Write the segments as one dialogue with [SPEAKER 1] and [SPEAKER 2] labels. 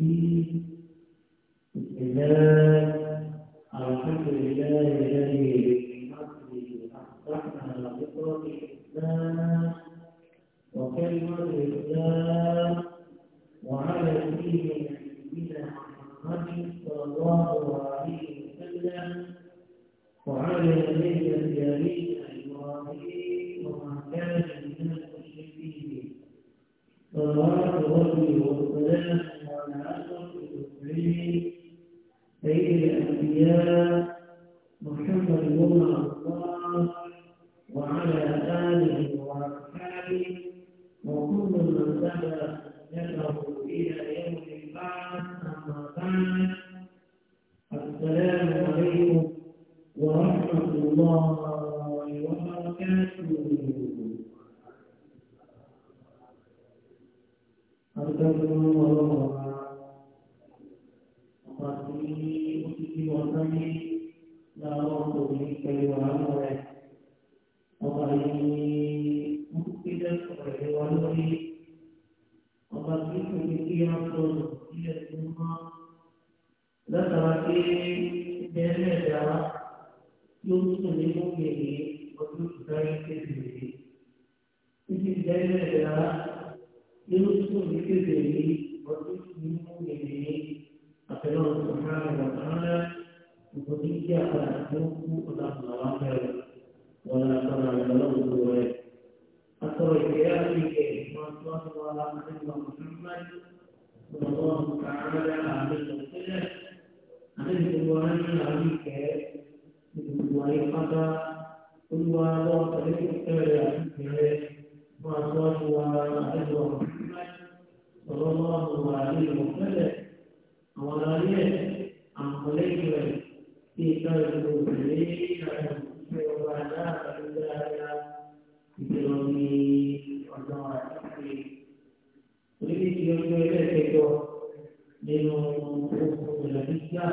[SPEAKER 1] في بسم الله الحمد لله الذي لنا نذهب إلى يوم البعث أما بعد السلام عليكم ورحمة الله وبركاته أرجو الله وقاتلي أسسي وطني لا أرد منك وعمرك وقالي مفقدة وعلي وبقيت بقيام هي الأمة
[SPEAKER 2] ذكر في بين الدعاء
[SPEAKER 1] يمسلمون به ويدعي به في بين الدعاء يمسلم به ويسلمون به أقول سبحانه وتعالى وقضي على أنوك الأخلاق ولا ترى له أثر الكلام الله وعلى نبينا محمد صلى الله تعالى عليه وسلم أن القرآن العظيم ìwàlẹ́pátá olúwa lọ́wọ́ pẹ̀lú ìpẹ́rẹ́ àtúntẹ̀rẹ́ fún aṣọ́jú wa àtẹ́jọ́ ọ̀rọ̀ lọ́wọ́ wà nínú ìpẹ́lẹ̀ àwọn aláàlẹ́ àmọ̀lẹ́yìn rẹ̀ tí ìpẹ́rẹ́ nínú oko ìlànà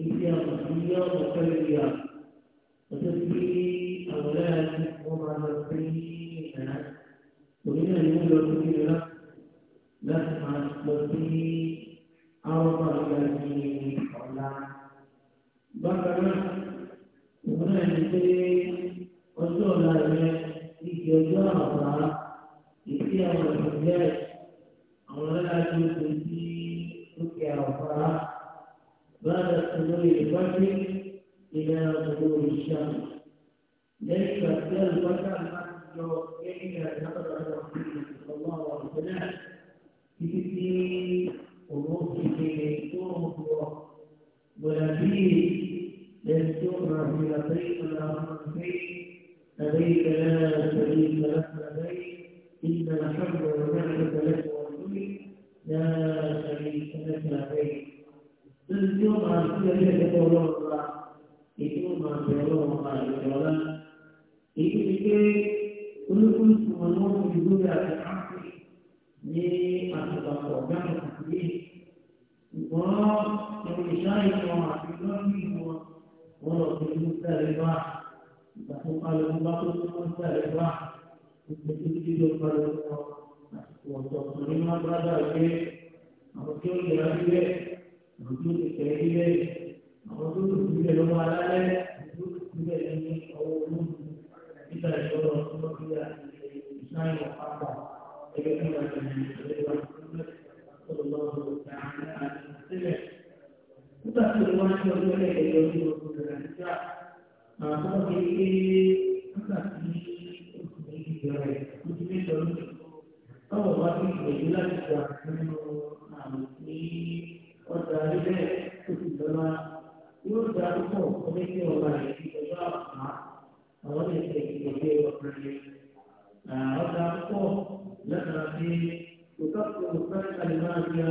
[SPEAKER 1] ìdí àwọn ìdílé ọ̀nà pẹ̀lú ìyá ọjọ́ tí àwọn ẹlẹ́yà ti wọ́n máa lọ sí ìlànà òní náà ni wọ́n lọ sí ìlànà láti máa lọ sí àwọn ọmọ àgbà ní ọ̀la. bákan náà òun náà ni pé ọjọ́ ọ̀la rẹ̀ ìdí ọjọ́ àbá ìdí àwọn ìdílé àwọn ẹlẹ́yà ti wọ́n sí. تكي عرفها بعد طلوع الفجر إلى طلوع الشمس ليس كالفتى جو إحدى نقل صلى الله عليه وسلم في ونصف طرق ولكن لن تؤمر بلديك ولا أمر فيك لديك لا شريك لك لديك إن الحمد والنعمة لك لا شريك لك لديك ذلك يوم عن كل شيء يقولون الله يقولون ما يقولون الله يقولون يقولون olùkọ́ ìsúnmọ́ ní wọ́n fi lórí àti àpè ní àtìpàpọ̀ gbàgbọ́ àti ìgbọ́n ẹ̀rọ ìṣá ìwọ̀n àti lọ́ọ̀lù ìwọ̀n wọ́n lọ sí ìlú sẹ́lẹ̀ bá ìgbà tó kálọ̀ ń bá tó tó ń sẹ́lẹ̀ bá ìgbà tó ti di lọ́ọ̀lù ọ̀tọ̀ ní máa bá dà pé àwọn tí ó lè ra sílẹ̀ àwọn tí ó lè tẹ̀ sílẹ̀ àwọn tó lè sílẹ̀ lọ́wọ́ alálẹ̀ àwọn tó lè sílẹ̀ ní ọwọ́ olóògùn nígbà ìṣòro ọ̀tún lọ́kìlá ìṣáyẹ̀ ọ̀pápọ̀ ẹgbẹ́ tó wà ní ìṣẹ̀lẹ̀ Nígbà tí wọ́n ń lọ lórí ẹ̀yọ́ ní oṣù Nàìjíríà, àwọn ọmọ kékeré nígbà tí oṣù méjì bẹ̀rẹ̀, oṣù méjì ọdún táwọn bá fi ìgbẹ̀jú láti gbà nínú àmì ní ọjà níbẹ̀ tó ti dọ́là yóò dá púpọ̀ ọdún tí ọba rẹ̀ ti dọ́là àmà àwọn lè fẹ́ ìgbẹ̀jú ọkùnrin rẹ̀. ọjà púpọ̀ lẹ́tà sí òkàkùn òkàkùn àlùmáàbíà.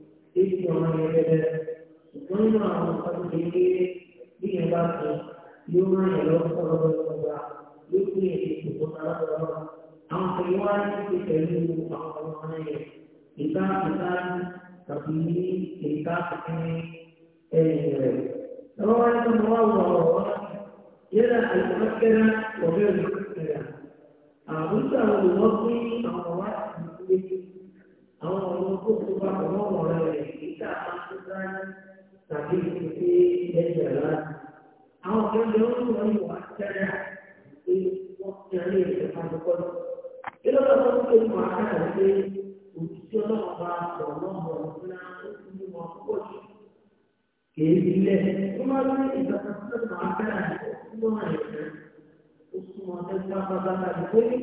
[SPEAKER 1] ਇਸ ਜਮਾਨੇ ਦੇ ਕੋਈ ਨਾ ਕੋਈ ਦੇ ਵੀ ਹੰਦਾ ਸੀ ਯੋਗਾ ਦੇ ਲੋਕ ਸਭ ਤੋਂ ਬੜਾ ਯੁਕਤੀ ਦੇ ਸੁਪਨਾ ਦਾ ਰੋਣ ਆਮ ਪਰਿਵਾਰ ਦੇ ਤੇਰੇ ਨੂੰ ਆਪਣਾ ਨੇ ਇਤਾ ਇਤਾ ਕਪੀ ਇਤਾ ਕਪੀ ਇਹ ਰੋਣ ਤੋਂ ਨਵਾਂ ਰੋਣ ਇਹਦਾ ਅਲਮਕਰਨ ਕੋਈ ਨਹੀਂ ਆ ਉਸ ਦਾ ਨੋਕੀ ਆਵਾਜ਼ àwọn ọ̀rọ̀ tó ti bá ọmọ ọ̀rọ̀ rẹ̀ kíkà àtúntà tàbí ìfúnpé ẹ̀jẹ̀ rẹ̀. Àwọn akẹ́kọ̀ọ́ ń wọ ìwà àtẹ́rẹ́ àti wọ́n ti rí ẹ̀jẹ̀ pàtàkọ́ lọ. Ilé ọ̀dọ́ tó ń wà á rẹ̀ pé òtítí ọlọ́run bá sọ̀rọ̀ lọ́mọ ńlá wọn púpọ̀ jù. Kèé ilẹ̀ ó máa ní ìgbà kan tó wà á rẹ̀ ó súnmọ́ ẹ̀jẹ̀ ó súnmọ́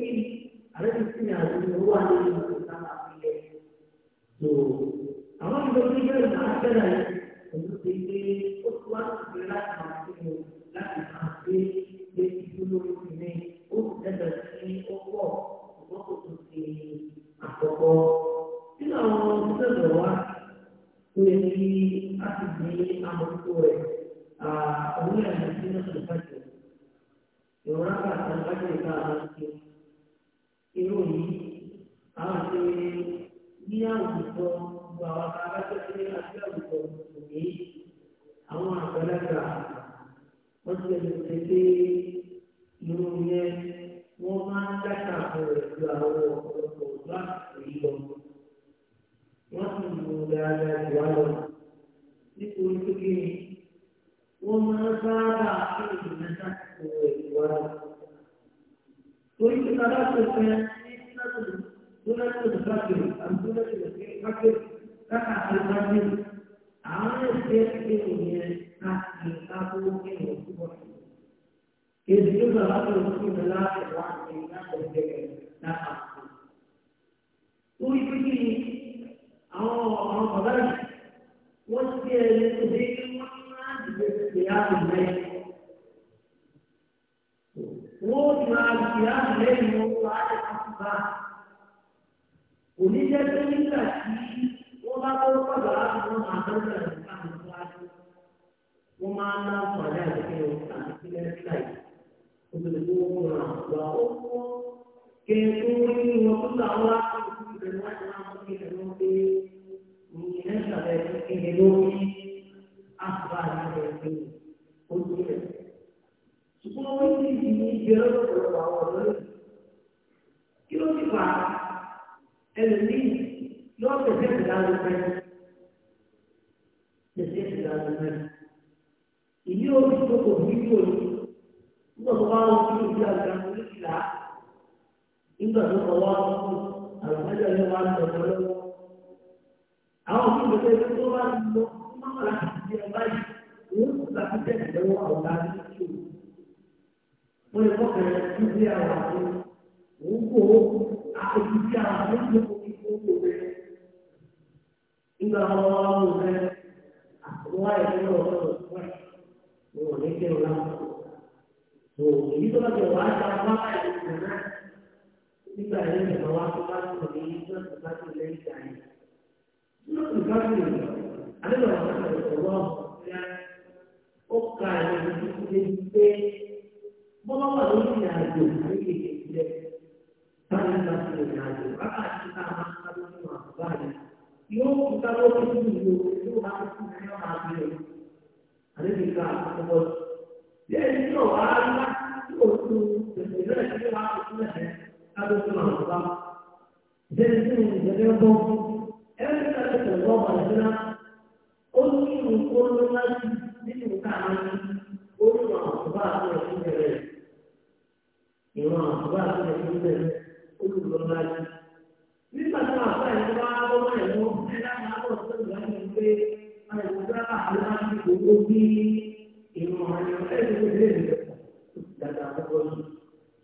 [SPEAKER 1] fún ìta àwọn ti irú yìí àwọn ti ní àwùjọ gbogbo àwọn akájọ́sí ní àti àwùjọ òní àwọn àgbàlagbà wọ́n ti lè ṣe pé irú yẹn wọ́n máa ń dáta àwọn ètò àwọn ọ̀pọ̀lọpọ̀ ọ̀dọ́ àti ìlọ. wọ́n sì mú dáadáa jù wá lọ nítorí pé kí ni wọ́n máa ń sáábà kí ìdùnnú sáà ti kó ètò wa lọ. وإن قرأت الفاتحة سورة الفجر أم سورة الفجر كما الفجر عامل سيرك حقيقته في الوصول إذ يظهر الوصول لا يضع بيننا وبين لا أقصد ويقول أو أو بدل وسيرك ذكر الله باختيار الليل wọ́n ti máa lẹ́yìn owó àti àtúbà. Oníjẹ́ tó nígbà tí wọ́n bá tó pàgbà láti wọ́n máa tó bẹ̀rẹ̀ nípa àwọn aṣọ. Wọ́n máa ń náà sọ àdá ìdílé ọ̀sán àti ìpínlẹ̀ Ṣáì. Obìnrin tó wọ́n rà wá ó kọ́. Kí ni tó wọ́n ní wọn láti máa mú kí ẹ̀rọ pé ìyẹn ṣàlẹ̀ kí ni lórí ṣùgbọ́n wọ́n ti di ní ìbẹ̀rẹ̀ lọ́pọ̀lọpọ̀ àwọn ọ̀dọ́ yìí. kí ló ti fà á ẹlòmíì yóò tẹ̀sẹ̀ ìdájọ́ fẹ́ tẹ̀sẹ̀ ìdájọ́ fẹ́. ìyí ò ní kókò fídíò yìí nígbà tó bá wọn fi ìdí àgbà orí ìlà nígbà tó kọ wọn kú àlùfáàjà yẹn wá ń tọ̀tọ̀ lọ́wọ́. àwọn òbí mi tó bá ń lọ fún mọ́kànlá àti ìdí ọba wọ́n lè kọ́kẹ́ níbi àwọn àti òun kò àkókò a lè lò ní gbogbo rẹ̀. Nígbà wọn wá wò bọ́lá wà lórí ìrìn àjò àyè kékeré sílẹ̀ bá ti rìn àjò bàbá àti bàbá máa ń ká lórí àbúrò àyè yóò kú ká lórí ìlú ìlú yóò bá kú ní ọ̀rọ̀ àbí rẹ̀ ká àkọ́kọ́ bí ẹni tí ọ̀wá ńlá tí o tu tẹ̀sán náà ti wá kú lẹ́sẹ̀ ká ló tún àwọn bá bẹ́ẹ̀ tí mo ti tẹ̀lé bọ́ ẹni tí a ti tẹ̀lé bọ́ ìran àbúrò àti ẹ̀kọ́ bẹ̀rẹ̀ olùlọ́lá yìí. nígbà tí wàá fẹ́ ẹ̀kọ́ bá lọ́wọ́ ẹ̀wọ́ ẹ̀dá máa bọ̀ sí ìlú àti ìgbé àìsíkà àbúrò àti ìgbòho bí ìran àyàn ẹ̀kọ́ bẹ̀rẹ̀ dàgbà àkọ́kọ́ yìí.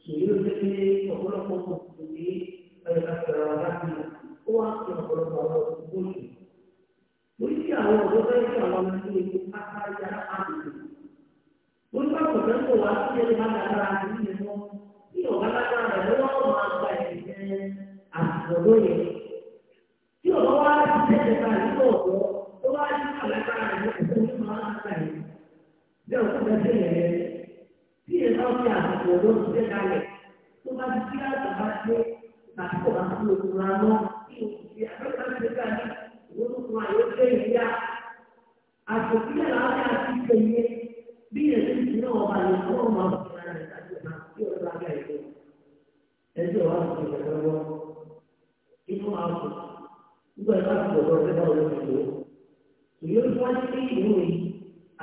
[SPEAKER 1] sòyí ló ti ní ọ̀pọ̀lọpọ̀ mùsùlùmí sí ní kí àwọn ọ̀dọ́ fẹ́ wá sí kàlákà rẹ̀ ló máa gba ìdílé àtìkò lóye.
[SPEAKER 2] Tí ọ̀rọ̀ wá ti tẹ̀lé ká ìlú
[SPEAKER 1] ọ̀dọ́, ó wá ti kàlákà rẹ̀ ló kò ní máa gba ìlú. Bí ọ̀sán bẹ tẹ̀ lẹ̀ rẹ̀, tí èèyàn bá fi àtìkò ló ti tẹ̀ tó bá ti fi àtọ̀ bá dé, àtìkò bá fi òkú ra lọ, tí o ti àbẹ́ká ti ká ní ìwọ́nùkún ayé tẹ̀ ìyá. Àtòkílẹ̀ làwọn yà ti tẹ̀lé bí èèyàn ti ẹjọ́ wa ti ṣe kẹ̀kẹ́ wọ́ inú àpò nígbà tí wọ́n ti gbọ̀dọ̀ ọ̀rẹ́ náà lọ́wọ́ ìlú ìlú tí wọ́n ti ní ìlú yìí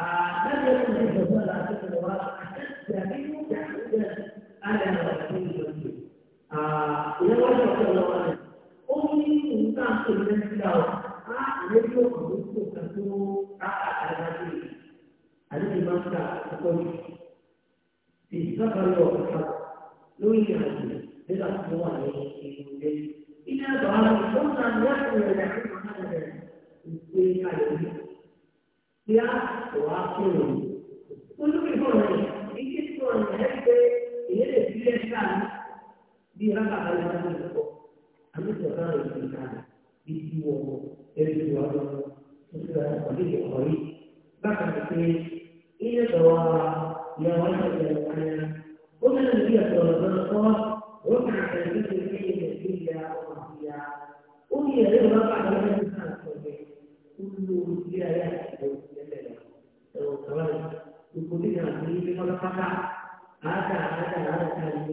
[SPEAKER 1] àtàkì ẹ̀kọ́ ní ìjọba láti ṣe wá àtàkì àbíkú kẹ́kẹ́ ìjọba ìlú wọn ti ọ̀pọ̀ lọ́wọ́ ní ìlú náà tó ní فقط هذا هذا هذا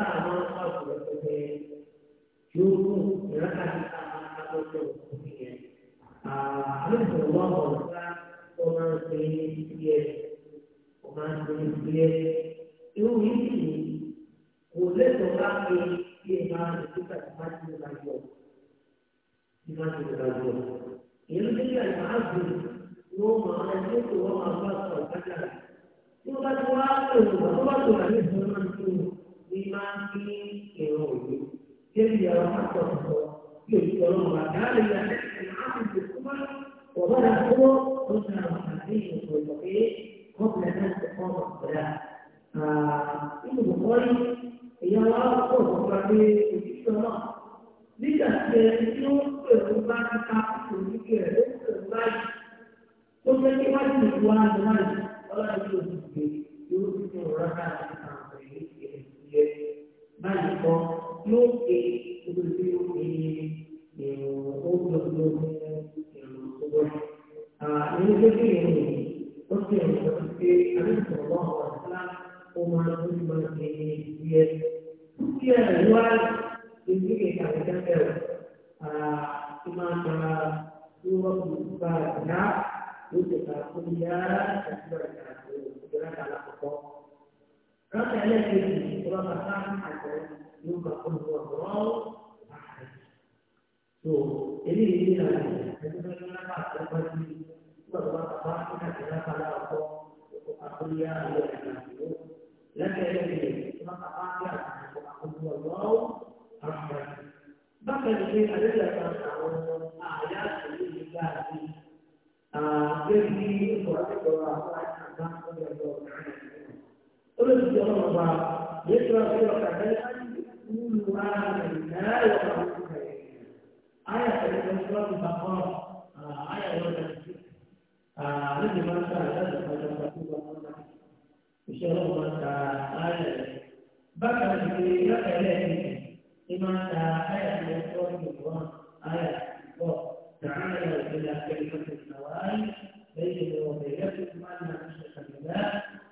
[SPEAKER 1] ìrántà àwọn ọ̀pọ̀ ẹgbẹ́ yóò kú ìrántà ti ká máa ká lọ́jọ́ òkú nìyẹn. àlejò wọn kọ̀ nípa tó máa ń pè é díẹ̀ ó máa ń pè é díẹ̀. irú yìí sì kò lẹ́tọ̀ọ́ bá pè é bí ẹ máa ń tó kàtí máa ti lọ́la jọ. bí máa ti lọ́la jọ. ìyẹn ló dé àgbà àgbè ni wọ́n máa ń tó wọ́n máa bá sọ̀rọ̀ kájà. tí wọ́n bá ti wá pè é wọ́n bá tó wà ní ìdúró náà ní máa ń fi ìrìn òjò débi ọ̀rọ̀ pásọ̀ sọ̀rọ̀ bí òjò ọ̀rọ̀ wà ọ̀rọ̀ rà kúrò ń sàn àwọn àti ìṣòro ìtọ́pé kọ́pìlẹ̀ náà ti kọ́ ọ̀pọ̀lá. nínú ìbùkọ́ yìí èèyàn wá pọ̀ nípa pé òjìṣẹ́ náà nígbà tí ẹni tí ó ń pè ó bá ń ta òjìṣẹ́ rẹ̀ ó ń báyìí ó fẹ́ kí wájú ìwà àjọ Rasa ayat ini, Allah Tuhan ada nunggu kumpul kumpul. So, ini ini lagi. Jadi bagaimana pak seperti itu bahwa apa kita kira pada apa aku dia dia nak itu. Lagi lagi, cuma apa dia nak kumpul kumpul. Amin. Maka ini adalah satu ayat yang juga di Uh, jadi, untuk orang-orang yang akan berjalan olóòtú ọmọ wa yéé tó àti ọkà bẹ́ẹ̀ nínú wa nàá yọ ọmọ wa bẹ́ẹ̀
[SPEAKER 2] ayé àtẹnudẹ tó
[SPEAKER 1] àti bàbá ayé àwọn ọjà tó àlejò máa ń ta àyájọ àjọ àti ọmọ wa iṣẹ́ ọlọ́run máa ń ta ayé rẹ̀ bákan ní lọ́kẹ̀ lẹ́yìn ní máa ń ta ayé àti ọjọ́ ìgbọ̀n ayé àtìgbọ̀ تعالى إلى كلمة الزواج بين وبينكم أن نخشى الله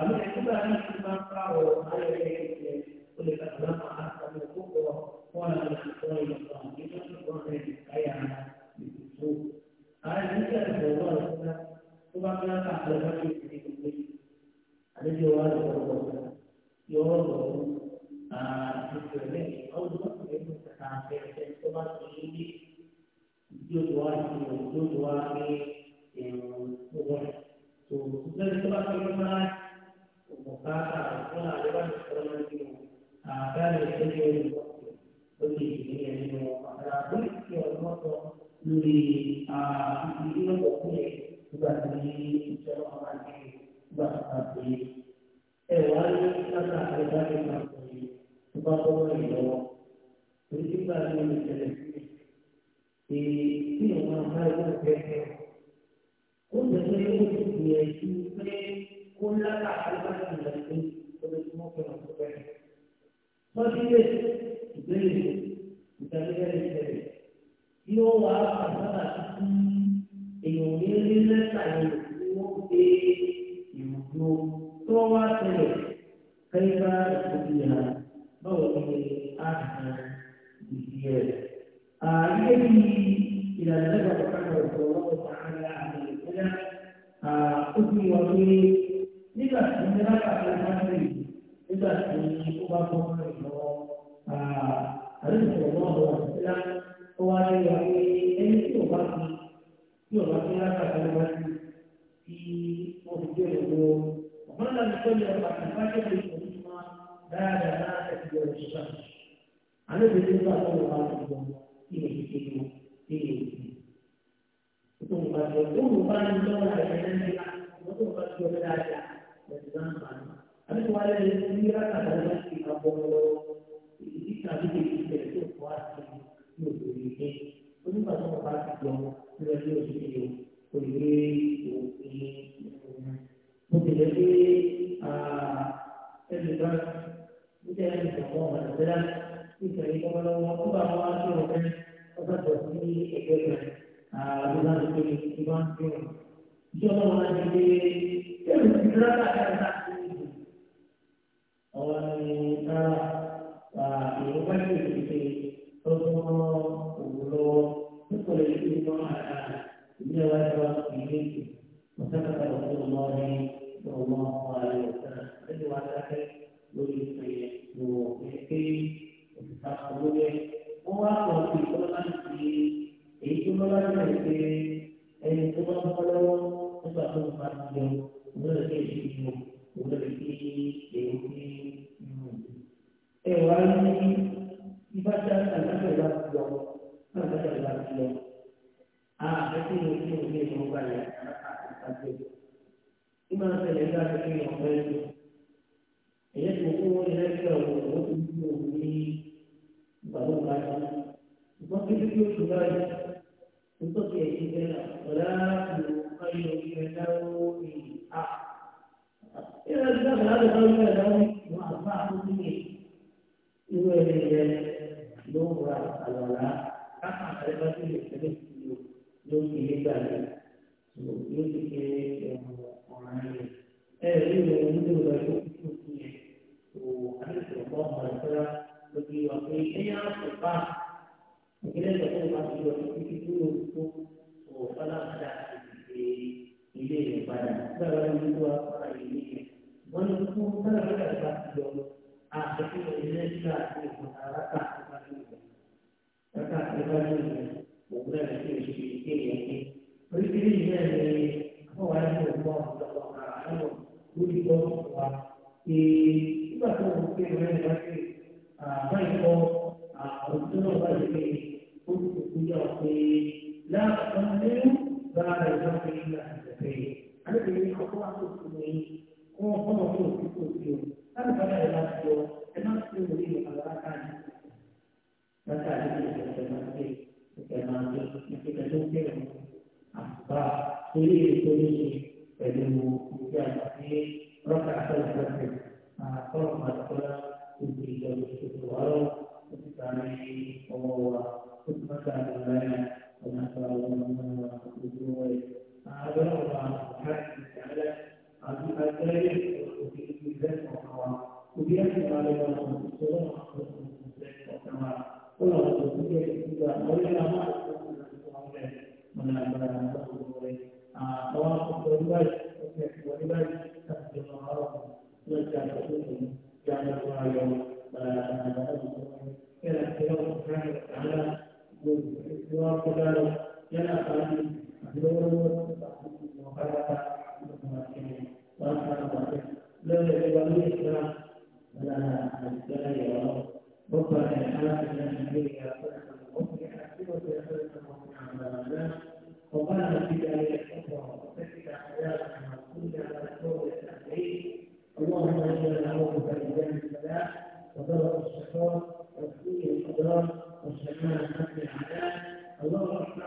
[SPEAKER 1] àbí ẹgbẹ́ àti ìgbà ń pa ọ̀rọ̀ ayẹyẹ iṣẹ́ ọmọ bá ti gbà pàdé. fi wà pé nígbà tí ní lákàtà ìdáhùn nígbà tí ó bá bọ́ ọ̀rọ̀ ìlọ́wọ́ àdéhùn ọ̀gbọ́n ọ̀rọ̀ àti ìṣèlú olùgbé òfin ìṣòwò mo tẹ̀lé pé ẹnì kan ní tẹ́lẹ̀ ní ìṣàkóso ọmọ àtẹ̀lá ní ìṣẹ̀lẹ̀ ó bá wọn aṣọ ọ̀fẹ́ ọ̀sán tó ní ẹgbẹ́ rẹ̀ àlùbá tó tó ní ìbá ń tó ìṣe ọlọ́wọ́ láti gbé ẹ̀rù ti rárá láti rárá sí ìlú ọ̀wọ́ ni rárá ìwọ́n bá ṣe ìṣe ọgbọ́n òwúrọ̀ nípa ìṣèlú náà إلا وأشرت إليك وسكت رسول الله صلى الله عليه وسلم الذي وعدك يريد ويحكي وتتحققه هو أقوى في كل أنفسه أي كل أنفسه أي كل أنفسه sesuatu yang yang berkesimu, berkesi, berkesi. Ewan ini ibadah adalah ibadah, adalah ibadah. Ah, aquí lo hicimos bien, no vale. Y más se le da que no vale. Ella tuvo un directo, un grupo muy valorado. Entonces, yo quiero jugar. Entonces, aquí era, hola, yo quiero estar y ah. Era la verdad que no había dado más más un día. Y luego le dije, no va a la la. Acá, además, yo le dije, ló ń kiri gbàgbé ló ti kiri ọ̀ràn yẹn. ẹ ẹ ní ìwé ní ìwé lọ sí ìlú yẹn kò àdéhùn ọ̀pọ̀ ọmọ ìfẹ́ra ló fi wà pé ẹ̀yà àpòpá ìpínlẹ̀ ìjọba ìwà ti lọ sí títí tó lò tó kò fọlá padà ìdè ilé rẹ̀ padà gbàgbé ní ìlú àpárá ilé rẹ̀. wọ́n ní fún fọlá padà ìgbà ti lọ àti ìlú ìgbà àti ìgbà àràkà àti ìgbà òun náà ní kéèyàn ṣe kéèyàn ní oríṣiríṣi náà ní àwọn wà nínú ọgbọ́n ọ̀pọ̀lọpọ̀ àwọn àwọn lórí gbọ́ wa ṣe nígbà tó wọ́n pé wọ́n rẹ̀ wá sí àwọn ìkọ́ àwọn tó náà wà lórí ó ti kú yá ọ pé láàpọ̀ nínú bá a rẹ̀ wá sí ìgbà àjẹ́. ကိုယ်တော်ကိုယ်ကိုယ်ကိုယ်ကိုယ်ကိုယ် الكفر والسوء والشمال والعداء الله